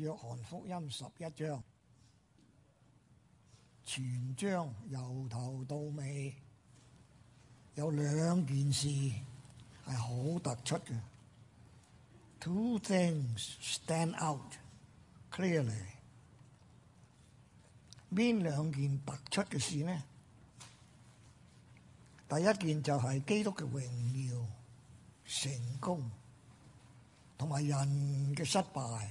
約翰福音十一章全章由頭到尾有兩件事係好突出嘅。Two things stand out clearly。邊兩件突出嘅事呢？第一件就係基督嘅榮耀、成功，同埋人嘅失敗。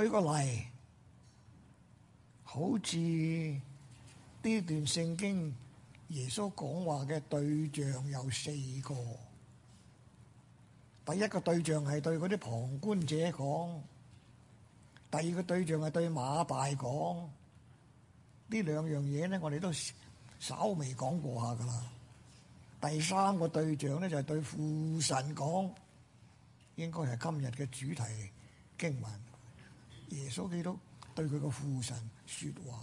舉個例，好似呢段聖經耶穌講話嘅對象有四個。第一個對象係對嗰啲旁觀者講，第二個對象係對馬大講。呢兩樣嘢呢，我哋都稍微講過下噶啦。第三個對象呢，就係對父神講，應該係今日嘅主題經文。耶穌基督對佢個父神說話。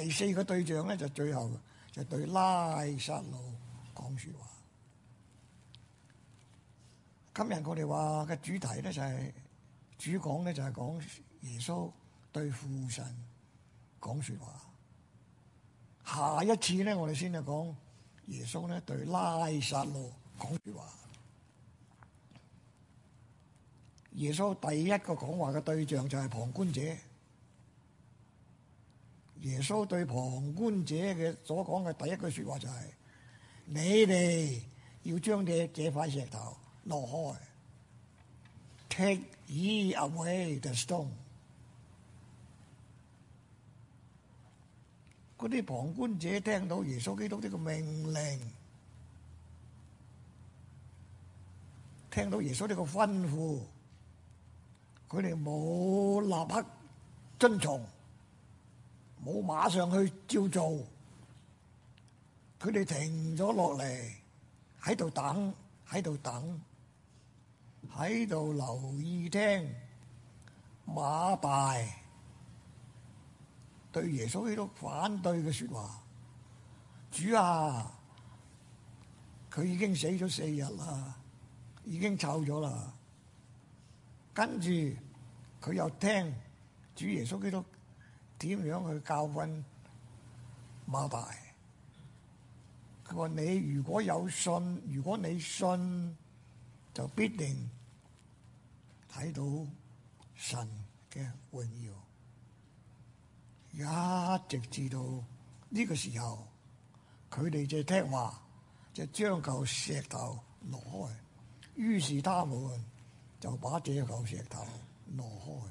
第四個對象咧，就最後就是、對拉撒路講說話。今日我哋話嘅主題咧就係、是、主講咧就係講耶穌對父神講說話。下一次咧我哋先係講耶穌咧對拉撒路講說話。耶穌第一個講話嘅對象就係旁觀者。耶穌對旁觀者嘅所講嘅第一句説話就係、是：你哋要將這這塊石頭挪開。Take ye away the stone。嗰啲旁觀者聽到耶穌基督呢個命令，聽到耶穌呢個吩咐。佢哋冇立刻遵從，冇馬上去照做。佢哋停咗落嚟，喺度等，喺度等，喺度留意聽，馬大對耶穌呢啲反對嘅説話。主啊，佢已經死咗四日啦，已經臭咗啦。跟住佢又聽主耶穌基督點樣去教訓馬大，佢話你如果有信，如果你信，就必定睇到神嘅榮耀，一直至到呢個時候，佢哋就聽話，就將嚿石頭挪開，於是他們。就把這嚿石頭挪開。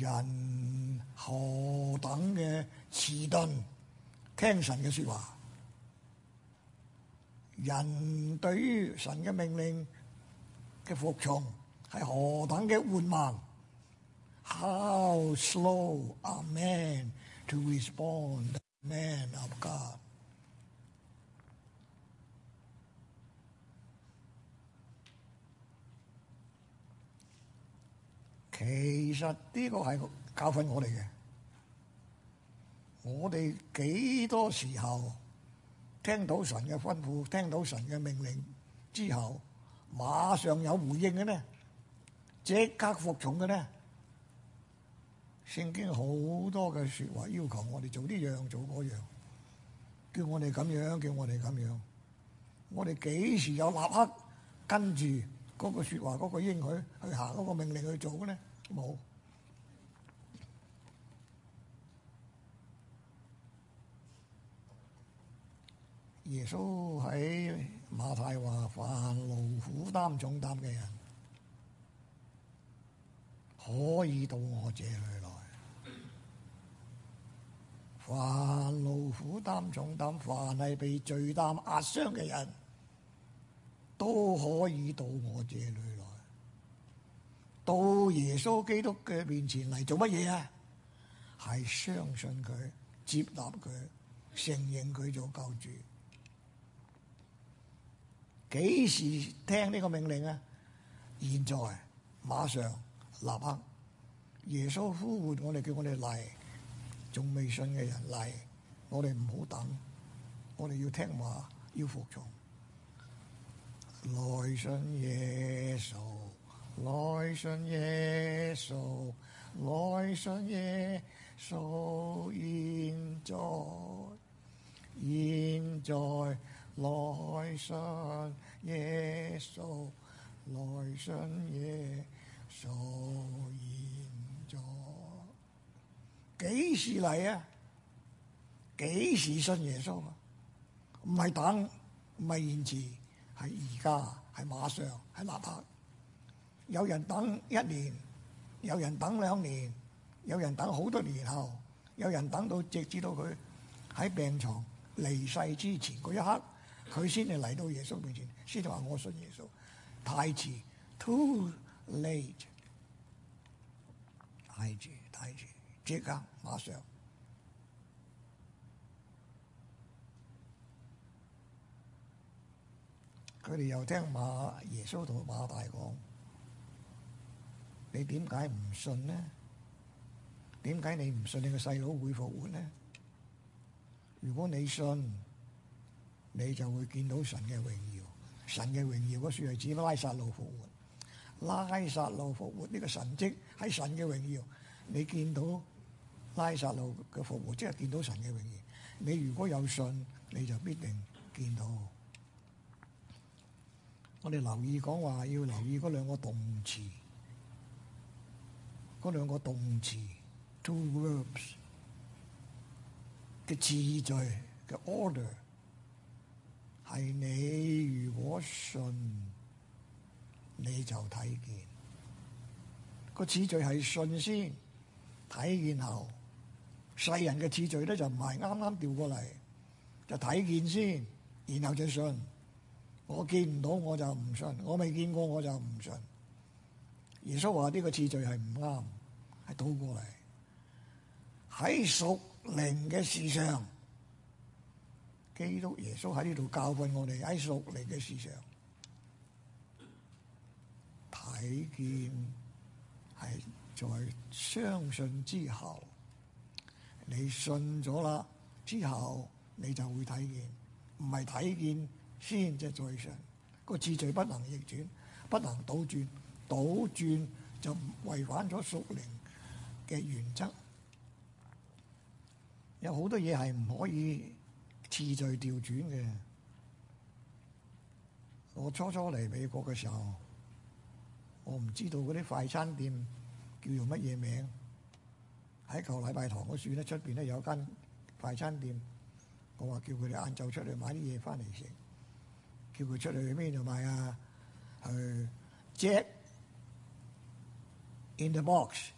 人何等嘅遲鈍，聽神嘅説話；人對於神嘅命令嘅服從係何等嘅緩慢。How slow a man to respond, man of God. 其實呢個係教訓我哋嘅。我哋幾多時候聽到神嘅吩咐，聽到神嘅命令之後，馬上有回應嘅呢？即刻服從嘅呢？聖經好多嘅說話要求我哋做呢樣做嗰樣，叫我哋咁樣，叫我哋咁樣。我哋幾時有立刻跟住嗰個說話，嗰，嗰個應許去行嗰個命令去做嘅呢？冇。耶穌喺馬太話：凡勞苦擔重擔嘅人，可以到我這裏來。凡勞苦擔重擔，凡係被罪擔壓傷嘅人，都可以到我這裏。到耶穌基督嘅面前嚟做乜嘢啊？係相信佢、接納佢、承認佢做救主。幾時聽呢個命令啊？現在，馬上，立刻！耶穌呼喚我哋，叫我哋嚟。仲未信嘅人嚟，我哋唔好等，我哋要聽話，要服從。來信耶穌。來信耶穌，來信耶穌，現在，現在，來信耶穌，來信耶穌，現在，幾時嚟啊？幾時信耶穌啊？唔係等，唔係延遲，係而家，係馬上，係立刻。有人等一年，有人等兩年，有人等好多年後，有人等到直至到佢喺病床離世之前一刻，佢先至嚟到耶穌面前，先至話：「我信耶穌，太遲 too late。」太遲，太遲，即刻，馬上。佢哋又聽馬耶穌同馬大講。你點解唔信呢？點解你唔信你個細佬會復活呢？如果你信，你就會見到神嘅榮耀。神嘅榮耀嗰時係指拉撒路復活。拉撒路復活呢個神蹟係神嘅榮耀，你見到拉撒路嘅復活，即係見到神嘅榮耀。你如果有信，你就必定見到。我哋留意講話，要留意嗰兩個動詞。嗰兩個動詞，two verbs 嘅次序嘅 order，係你如果信，你就睇見。個次序係信先，睇見後。世人嘅次序咧就唔係啱啱調過嚟，就睇見先，然後就信。我見唔到我就唔信，我未見過我就唔信。耶穌話呢個次序係唔啱。喺倒過嚟喺屬靈嘅事上，基督耶穌喺呢度教訓我哋喺屬靈嘅事上睇見，係在相信之後，你信咗啦之後你就會睇見，唔係睇見先至再信，個次序不能逆轉，不能倒轉，倒轉就違反咗屬靈。嘅原則有好多嘢係唔可以次序調轉嘅。我初初嚟美國嘅時候，我唔知道嗰啲快餐店叫做乜嘢名。喺個禮拜堂嗰時咧，出邊咧有間快餐店，我話叫佢哋晏晝出去買啲嘢翻嚟食。叫佢出去去邊度買啊？去 Jack in the Box。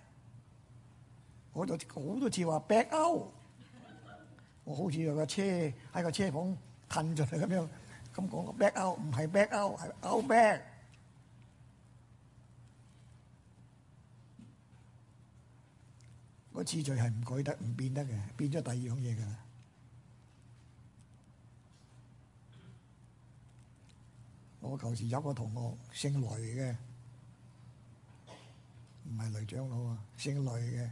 我就好多次話 back out，我好似有個車喺個車房褪出嚟咁樣，咁講 back out 唔係 back out 係 out back。個次序係唔改得，唔變得嘅，變咗第二樣嘢㗎。我舊時有個同學姓雷嘅，唔係雷長老啊，姓雷嘅。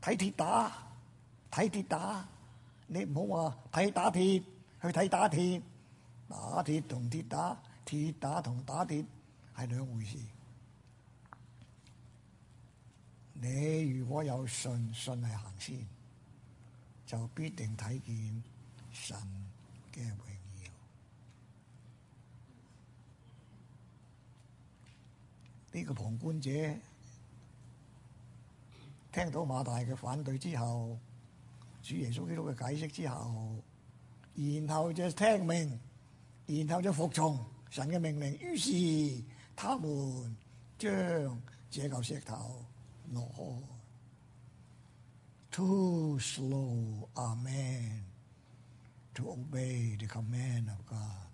睇鐵打，睇鐵打，你唔好話睇打鐵，去睇打鐵，打鐵同鐵打，鐵打同打鐵係兩回事。你如果有信，信係行先，就必定睇見神嘅榮耀。呢、這個旁觀者。聽到馬大嘅反對之後，主耶穌基督嘅解釋之後，然後就聽命，然後就服從神嘅命令。於是他們將這嚿石頭挪開。Too slow a man, to obey the command of God，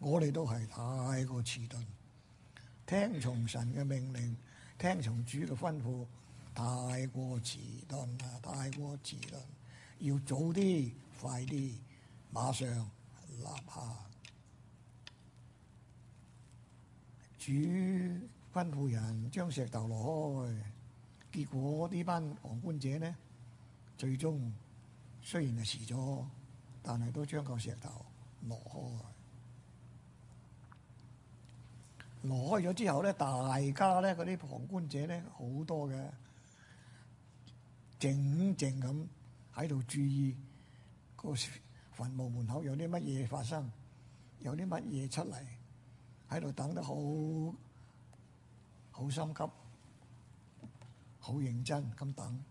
我哋都係太過遲鈍，聽從神嘅命令，聽從主嘅吩咐。太過遲鈍啦！太過遲鈍，要早啲、快啲，馬上立下。主吩咐人將石頭挪開，結果呢班旁觀者呢，最終雖然係遲咗，但係都將個石頭挪開。挪開咗之後咧，大家咧，嗰啲旁觀者咧，好多嘅。靜靜咁喺度注意，個墳墓門口有啲乜嘢發生，有啲乜嘢出嚟，喺度等得好好心急，好認真咁等。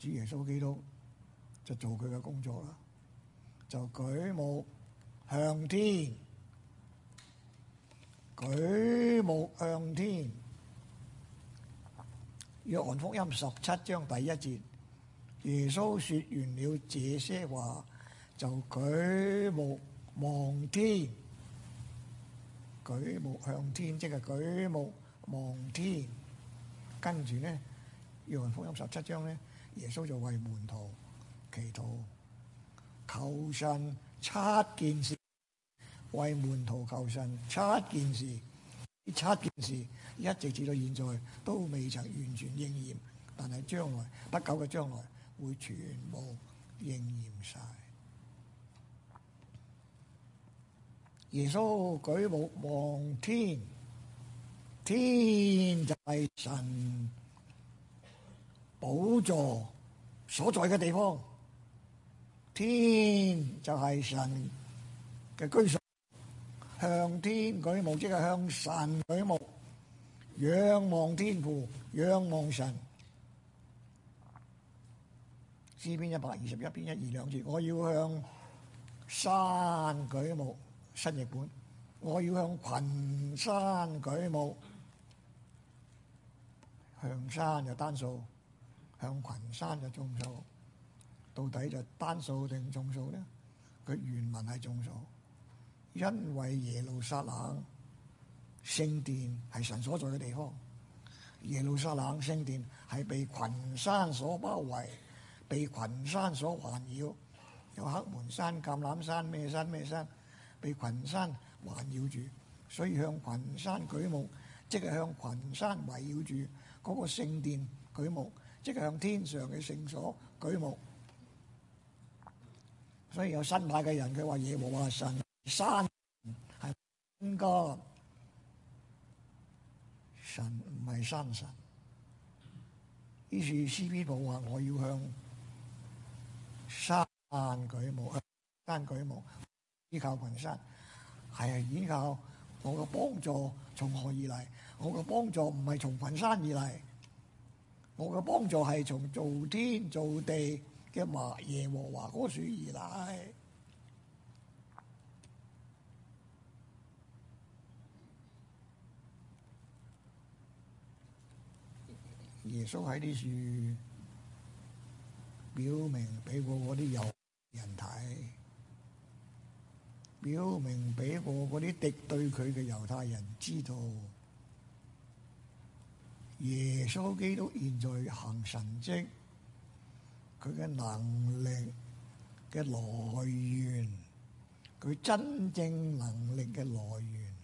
主耶穌基督就做佢嘅工作啦，就舉目向天，舉目向天。約翰福音十七章第一節，耶穌說完了這些話，就舉目望天，舉目向天，即係舉目望天。跟住呢，約翰福音十七章呢，耶穌就為門徒祈禱，求神七件事，為門徒求神七件事。呢七件事一直至到現在都未曾完全應驗，但係將來不久嘅將來會全部應驗晒。耶穌舉目望天，天就係神寶座所在嘅地方，天就係神嘅居所。向天舉目即係向神舉目，仰望天父，仰望神。詩篇一百二十一篇一二兩字，我要向山舉目，新譯本我要向群山舉目。向山就單數，向群山就眾數。到底就單數定眾數咧？佢原文係眾數。因為耶路撒冷聖殿係神所在嘅地方，耶路撒冷聖殿係被群山所包圍，被群山所環繞，有黑門山、橄欖山、咩山咩山，被群山環繞住，所以向群山舉目，即係向群山圍繞住嗰個聖殿舉目，即係向天上嘅聖所舉目。所以有新派嘅人，佢話耶和華神。山係高，神，唔係山神。於是 C P 講話，我要向山舉目，哎，山舉目，依靠群山。係啊，依靠我嘅幫助從何而嚟，我嘅幫助唔係從群山而嚟，我嘅幫助係從做天做地嘅嘛耶和華嗰處而嚟。耶穌喺啲樹表明俾過嗰啲猶人睇，表明俾過嗰啲敵對佢嘅猶太人知道，耶穌基督現在行神蹟，佢嘅能力嘅來源，佢真正能力嘅來源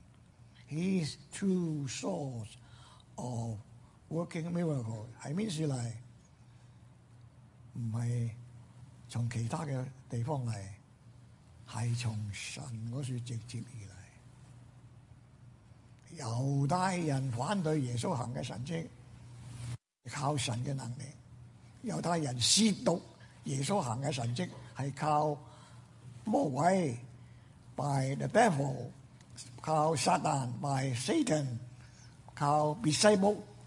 ，His true source of working miracle 係邊處嚟？唔係從其他嘅地方嚟，係從神嗰處直接而嚟。猶太人反對耶穌行嘅神跡，靠神嘅能力；猶太人褻瀆耶穌行嘅神跡，係靠魔鬼、by the devil、靠撒旦 by Satan，靠、靠 Bible。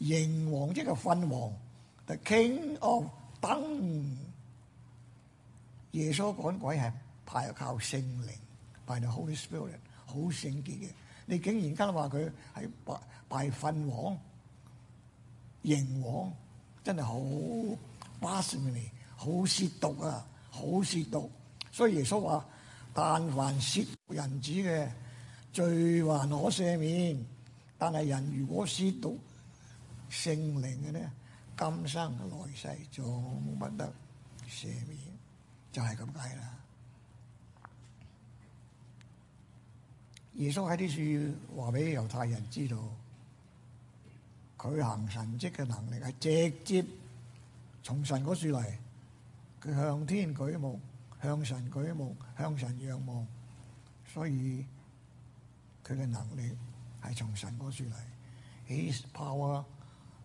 蠅王即係個糞王，the King of Dung 等耶穌講鬼係派靠聖靈，派到 Holy Spirit，好聖潔嘅。你竟然家話佢係拜拜糞王、蠅王，真係好 blasphemy 嘅，好褻瀆啊！好褻瀆。所以耶穌話：但凡褻瀆人子嘅罪，還可赦免。但係人如果褻瀆，聖靈嗰啲今生來世做不得赦免，就係咁解啦。耶穌喺啲樹話俾猶太人知道，佢行神跡嘅能力係直接從神嗰處嚟，佢向天舉目，向神舉目，向神仰望，所以佢嘅能力係從神嗰處嚟。His power。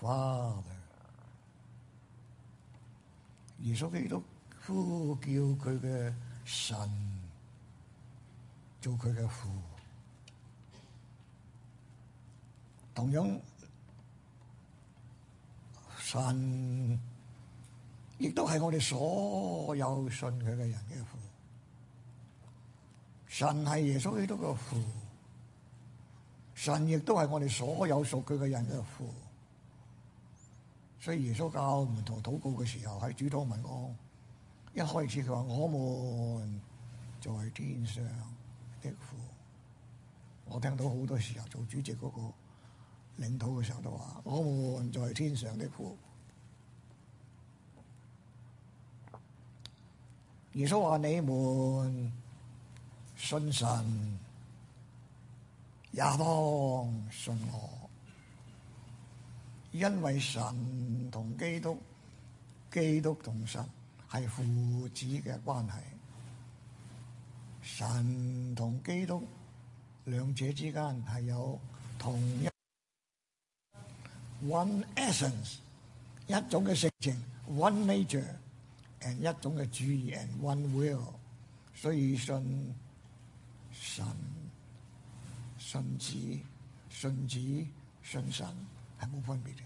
Father，耶穌基督呼叫佢嘅神做佢嘅父，同樣神亦都係我哋所有信佢嘅人嘅父。神係耶穌基督嘅父，神亦都係我哋所有屬佢嘅人嘅父。所以耶穌教門徒禱告嘅時候，喺主禱文，一開始佢話我們在天上的父，我聽到好多時候做主席嗰個領導嘅時候都話我們在天上的父。耶穌話你們信神也當信我。因為神同基督，基督同神係父子嘅關係，神同基督兩者之間係有同一 one essence 一種嘅性情，one nature，誒一種嘅主意，and one will，所以信神、信子、信子、信神係冇分別嘅。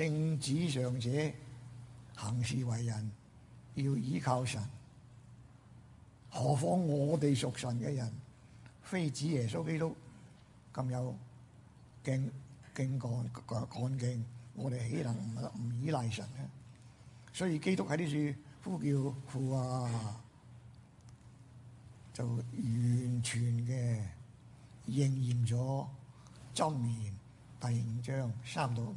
聖子上者行事為人要依靠神，何況我哋屬神嘅人，非子耶穌基督咁有敬敬干干干敬，我哋豈能唔唔依賴神咧？所以基督喺呢處呼叫呼啊，就完全嘅應驗咗《約翰》第五章三到五。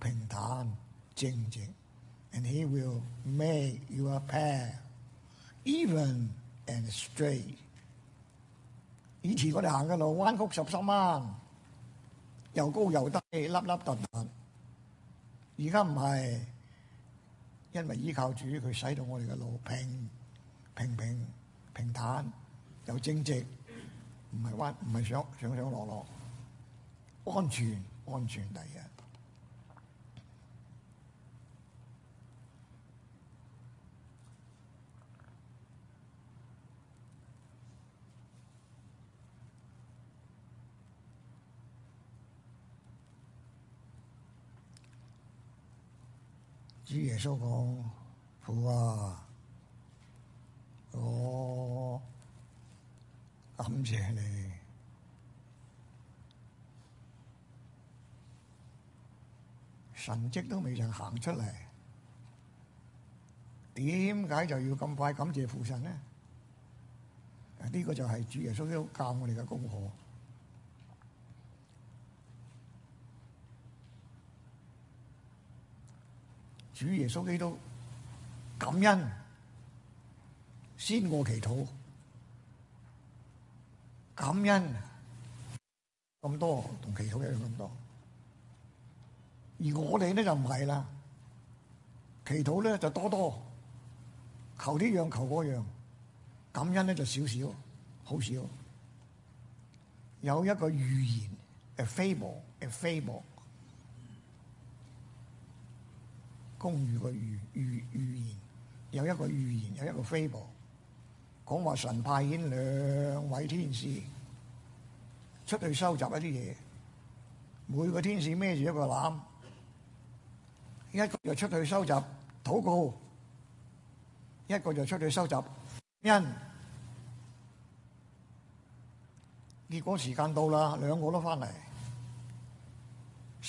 平坦正直，and he will make your path even and straight。以前我哋行嘅路彎曲十三彎，又高又低，凹凹凸凸。而家唔係，因為依靠主，佢使到我哋嘅路平平平平坦又正直，唔係彎，唔係上上上落落，安全安全嚟嘅。主耶穌講父啊，我感謝你。神跡都未曾行出嚟，點解就要咁快感謝父神呢？呢、呢個就係主耶穌教我哋嘅功課。主耶穌基督感恩先過祈禱感恩咁多同祈禱一樣咁多，而我哋咧就唔係啦，祈禱咧就多多求呢樣求嗰樣，感恩咧就少少，好少有一個寓言，a fable 公寓嘅寓寓寓言有一個寓言有一個 fable 講話神派遣兩位天使出去收集一啲嘢，每個天使孭住一個籃，一個就出去收集禱告，一個就出去收集恩。結果時間到啦，兩個都翻嚟。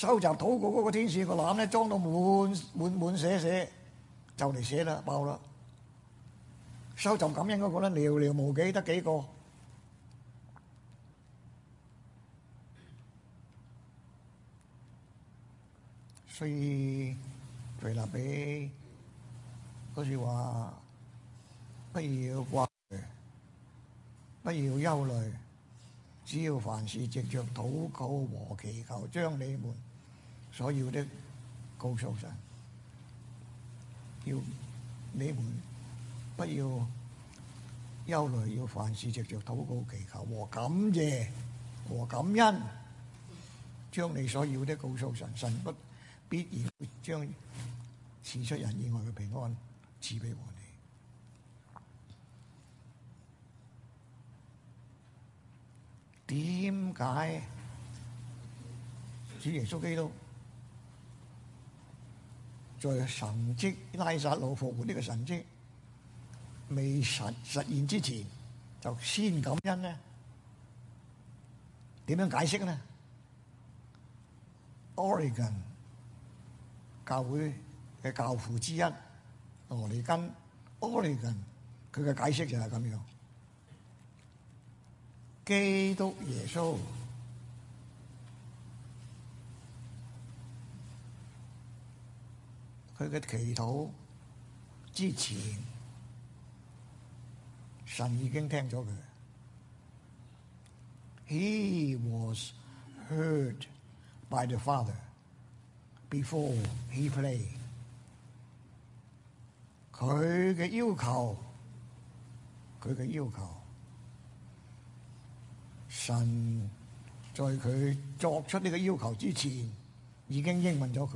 收集禱告嗰個天使個籃咧裝到滿滿滿寫寫，就嚟寫啦，爆啦！收集感恩嗰個咧寥寥無幾，得幾個。所以，腓立比，好似話，不要掛慮，不要憂慮，只要凡事藉着禱告和祈求，將你們。所要的告訴神，要你們不要憂慮，要凡事藉着禱告祈求和感謝和感恩，將你所要的告訴神，神不必然將超出人意外嘅平安賜俾我哋。點解？主耶穌基督。在神蹟拉撒路復活呢個神蹟未實實現之前，就先感恩咧？點樣解釋咧？Origen 教會嘅教父之一，羅尼根 Origen 佢嘅解釋就係咁樣：基督耶穌。佢嘅祈禱之前，神已經聽咗佢。He was heard by the Father before he prayed。佢嘅要求，佢嘅要求，神在佢作出呢個要求之前，已經應允咗佢。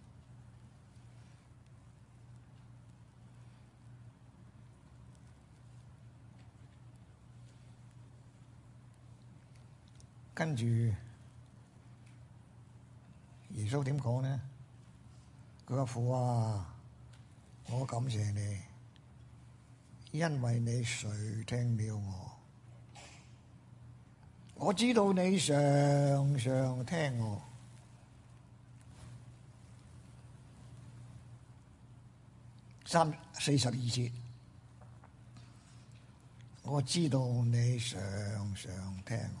跟住，耶穌點講呢？佢話，父啊，我感謝你，因為你誰聽了我，我知道你常常聽我，三四十二節，我知道你常常聽我。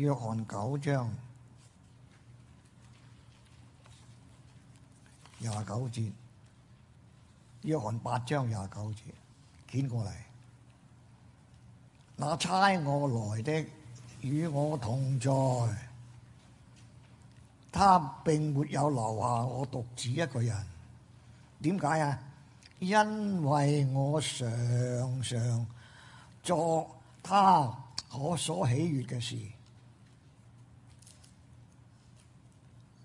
約翰九章廿九節，約翰八章廿九節，見過嚟。那差我來的與我同在，他並沒有留下我獨自一個人。點解啊？因為我常常作他我所喜悦嘅事。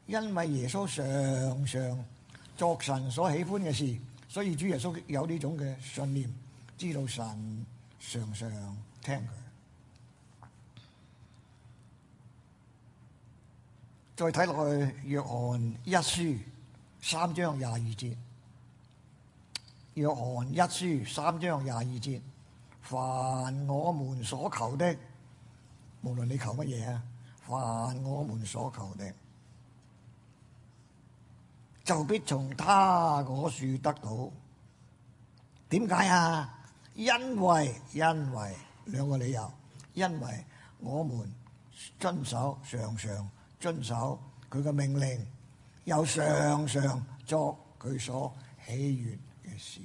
因為耶穌常常作神所喜歡嘅事，所以主耶穌有呢種嘅信念，知道神常常聽佢。再睇落去《約翰一書》三章廿二節，《約翰一書》三章廿二節，凡我們所求的，無論你求乜嘢啊？凡我們所求的。就必從他嗰處得到。點解啊？因為，因為兩個理由，因為我們遵守，常常遵守佢嘅命令，又常常作佢所喜悅嘅事。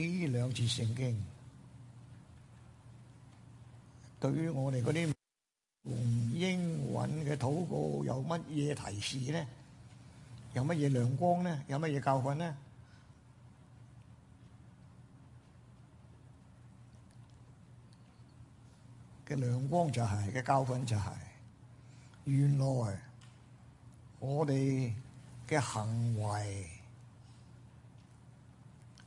呢兩次聖經對於我哋嗰啲用英文嘅禱告有乜嘢提示呢？有乜嘢亮光呢？有乜嘢教訓呢？嘅亮光就係，嘅教訓就係原來我哋嘅行為。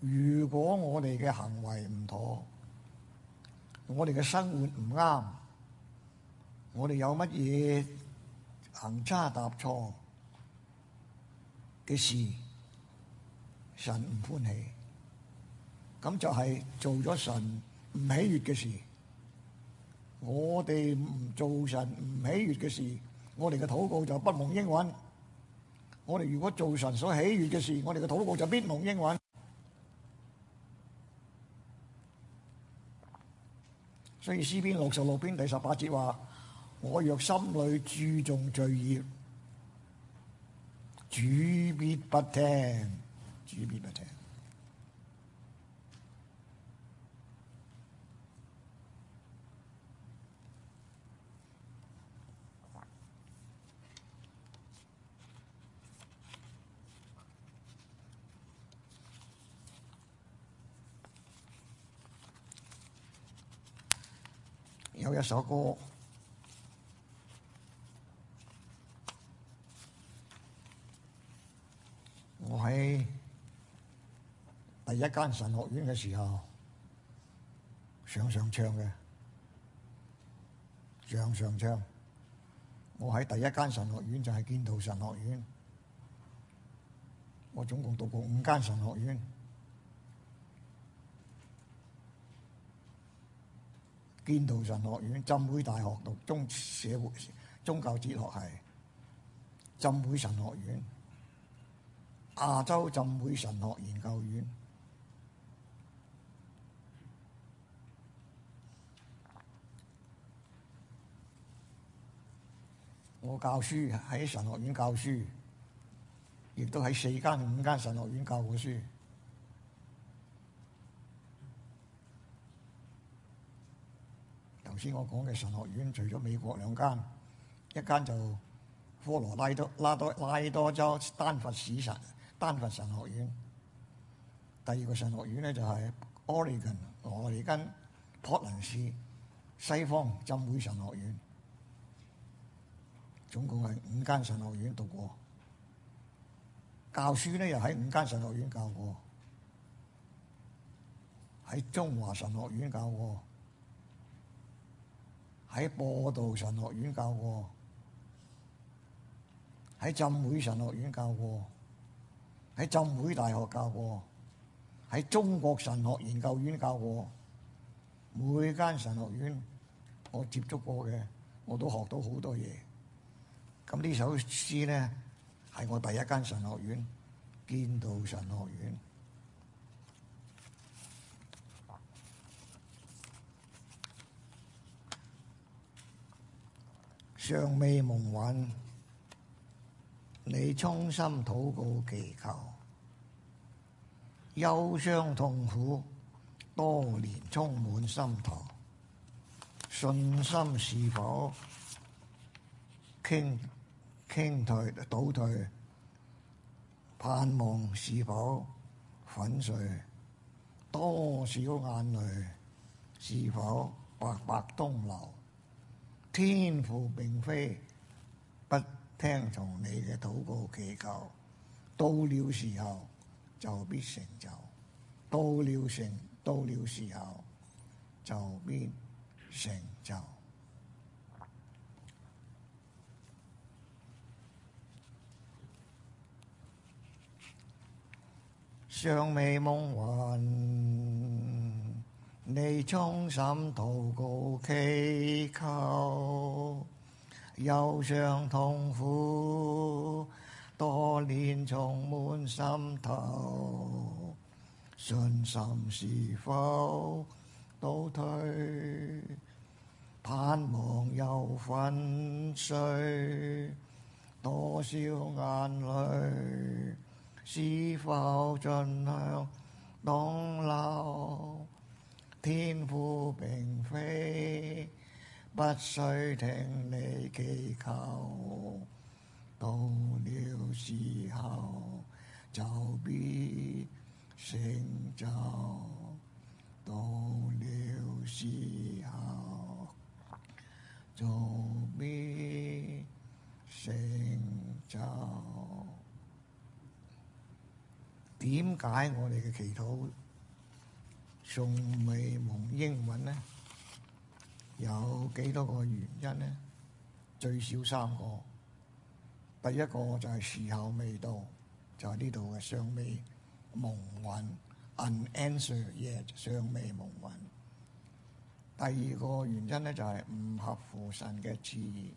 如果我哋嘅行為唔妥，我哋嘅生活唔啱，我哋有乜嘢行差踏錯嘅事，神唔歡喜，咁就係做咗神唔喜悅嘅事。我哋唔做神唔喜悅嘅事，我哋嘅禱告就不蒙應允。我哋如果做神所喜悅嘅事，我哋嘅禱告就必蒙應允。所以詩篇六十六篇第十八節話：我若心裏注重罪孽，主必不聽，主必不聽。有一首歌，我喺第一間神學院嘅時候常常唱嘅，常常唱。我喺第一間神學院就係建道神學院，我總共讀過五間神學院。建道神學院、浸會大學讀中社會宗教哲學系、浸會神學院、亞洲浸會神學研究院，我教書喺神學院教書，亦都喺四間五間神學院教過書。頭先我講嘅神學院，除咗美國兩間，一間就科羅拉多、拉多、拉多州丹佛市神丹佛神學院，第二個神學院咧就係奧利根、奧利根、波特蘭市西方浸會神學院，總共係五間神學院讀過，教書咧又喺五間神學院教過，喺中華神學院教過。喺播道神學院教過，喺浸會神學院教過，喺浸會大學教過，喺中國神學研究院教過，每間神學院我接觸過嘅，我都學到好多嘢。咁呢首詩咧，係我第一間神學院，建道神學院。尚未蒙允，你衷心禱告祈求，憂傷痛苦多年充滿心頭，信心是否傾傾退倒退？盼望是否粉碎？多少眼淚是否白白東流？天父並非不聽從你嘅禱告祈求，到了時候就必成就；到了成，到了時候就必成就。尚美夢幻。你衷心禱告祈求，憂傷痛苦多年充滿心頭，信心是否倒退？盼望又粉碎，多少眼淚，是否盡向東流？天父並非不需聽你祈求，到了時候就必成就，到了時候就必成就。點解我哋嘅祈禱，尚未蒙應允呢，有幾多個原因呢？最少三個。第一個就係時候未到，就係呢度嘅尚未蒙允。Unanswered 耶，尚未蒙允。第二個原因咧，就係唔合乎神嘅旨意。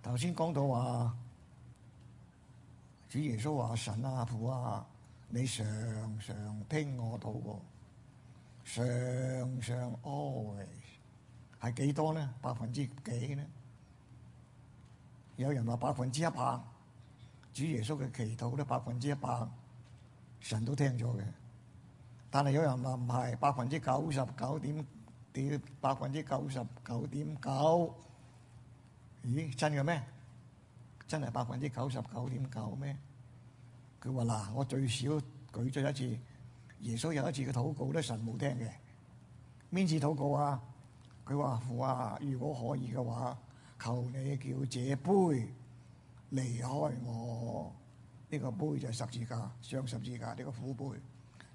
頭先講到話，主耶穌話神啊、父啊。你常常聽我禱告，常常 always 係幾多咧？百分之幾咧？有人話百分之一百，主耶穌嘅祈禱咧百分之一百，神都聽咗嘅。但係有人話唔係，百分之九十九點，百分之九十九點九。咦？真嘅咩？真係百分之九十九點九咩？佢話嗱，我最少舉咗一次，耶穌有一次嘅禱告咧，神冇聽嘅。邊次禱告啊？佢話父啊，如果可以嘅話，求你叫這杯離開我。呢個杯就係十字架，雙十字架，呢個苦杯。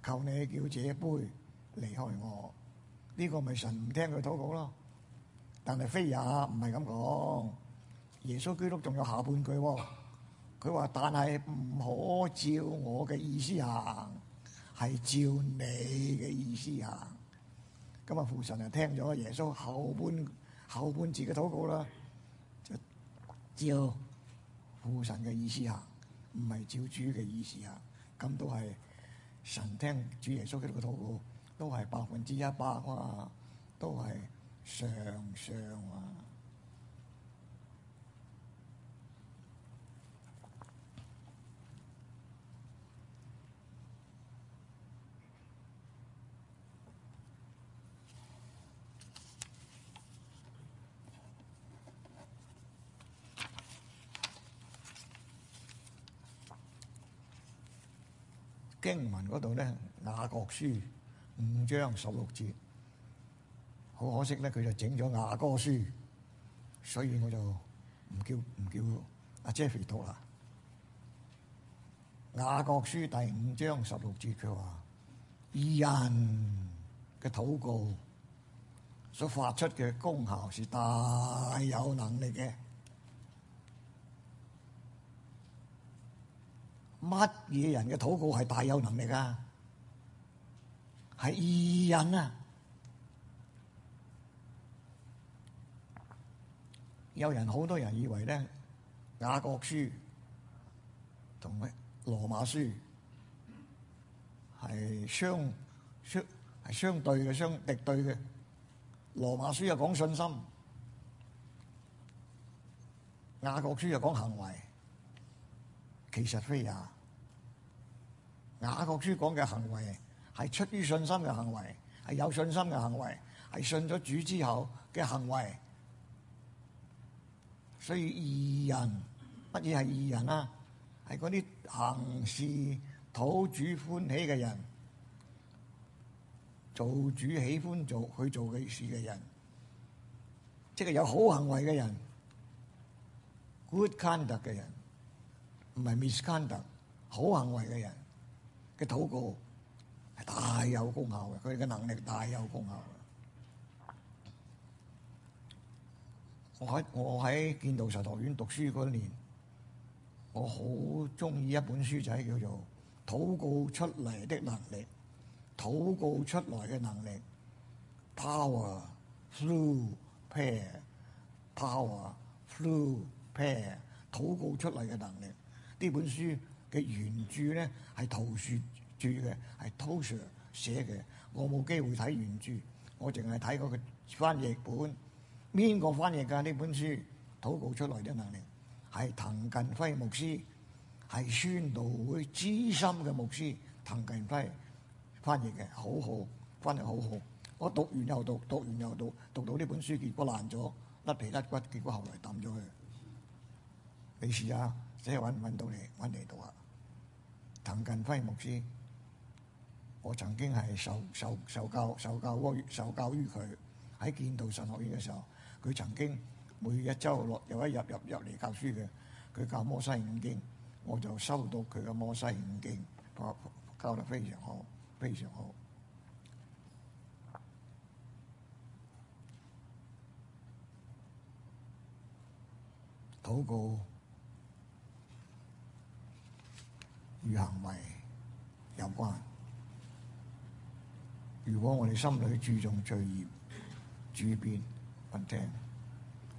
求你叫這杯離開我。呢個咪神唔聽佢禱告咯？但係非也，唔係咁講。耶穌基督仲有下半句喎。佢話：但係唔可照我嘅意思行，係照你嘅意思行。咁啊，父神就聽咗耶穌後半後半節嘅禱告啦，就照父神嘅意思行，唔係照主嘅意思行。咁都係神聽主耶穌嘅呢個禱告，都係百分之一百啊，都係上相啊。經文嗰度咧，雅各書五章十六節，好可惜咧，佢就整咗雅歌書，所以我就唔叫唔叫阿、啊、Jeffrey 讀啦。雅各書第五章十六節佢話，義人嘅禱告所發出嘅功效是大有能力嘅。.乜嘢人嘅禱告係大有能力啊？係義人啊！有人好多人以為咧，雅各書同埋羅馬書係相相係相對嘅、相敵對嘅。羅馬書又講信心，雅各書又講行為，其實非也。雅各書講嘅行為係出於信心嘅行為，係有信心嘅行為，係信咗主之後嘅行為。所以義人，乜嘢係義人啊？係嗰啲行事討主歡喜嘅人，做主喜歡做去做嘅事嘅人，即係有好行為嘅人，Good conduct 嘅人，唔係 misconduct，好行為嘅人。嘅禱告係大有功效嘅，佢嘅能力大有功效。我喺我喺建道神學院讀書嗰年，我好中意一本書仔叫做《禱告出嚟的能力》，禱告出來嘅能力，power through prayer，power through prayer，禱告出嚟嘅能力，呢本書。嘅原著咧係陶恕著嘅，係陶恕寫嘅。我冇機會睇原著，我淨係睇過佢翻譯本。邊個翻譯㗎呢本書？禱告出來嘅能力係滕近輝牧師，係宣道會資深嘅牧師滕近輝翻譯嘅，好好翻譯，好好。我讀完又讀，讀完又讀，讀到呢本書結果爛咗，甩皮甩骨，結果後來抌咗佢。你試下，即係揾唔揾到你，揾嚟讀啊！陳近輝牧師，我曾經係受受受教受教於，受教於佢喺建道神學院嘅時候，佢曾經每一週六有一日入入嚟教書嘅，佢教摩西五經，我就收到佢嘅摩西五經，教得非常好，非常好，禱告。與行為有關。如果我哋心裏注重罪孽，主便不聽，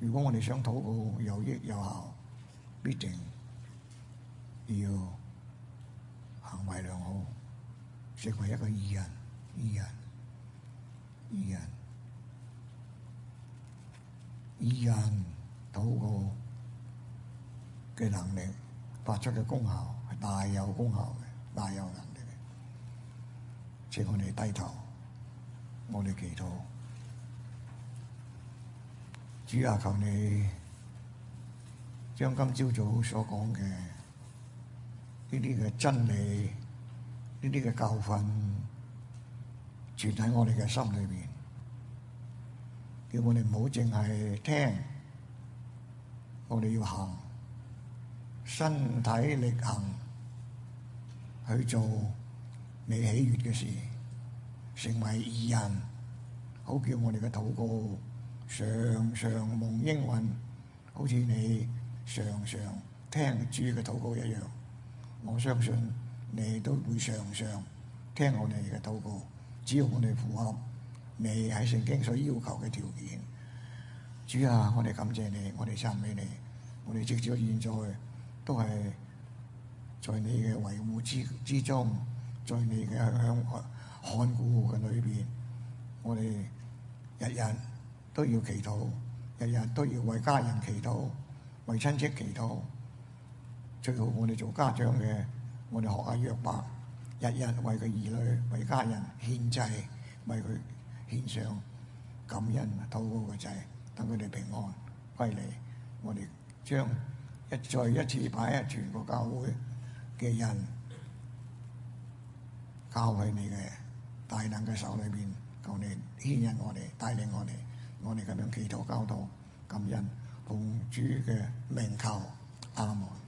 如果我哋想禱告有益有效，必定要行為良好，成為一個義人，義人，義人，義人禱告嘅能力發出嘅功效係大有功效嘅，大有能力嘅。請我哋低頭，我哋祈禱，主啊，求你將今朝早所講嘅呢啲嘅真理，呢啲嘅教訓，存喺我哋嘅心裏面。叫我哋唔好淨係聽，我哋要行。身體力行去做你喜悅嘅事，成為義人，好叫我哋嘅禱告常常蒙應允，好似你常常聽主嘅禱告一樣。我相信你都會常常聽我哋嘅禱告，只要我哋符合你喺聖經所要求嘅條件。主啊，我哋感謝你，我哋讚美你，我哋直至現在。都係在你嘅維護之之中，在你嘅向看顧嘅裏邊，我哋日日都要祈禱，日日都要為家人祈禱，為親戚祈禱。最好我哋做家長嘅，我哋學下約伯，日日為佢兒女、為家人獻祭，為佢獻上感恩，禱告個仔，等佢哋平安歸嚟。我哋將。一再一次，擺啊！全國教會嘅人交喺你嘅大能嘅手裏邊，求你牽引我哋，帶領我哋，我哋咁樣祈禱、交託、感恩，奉主嘅名求，阿門。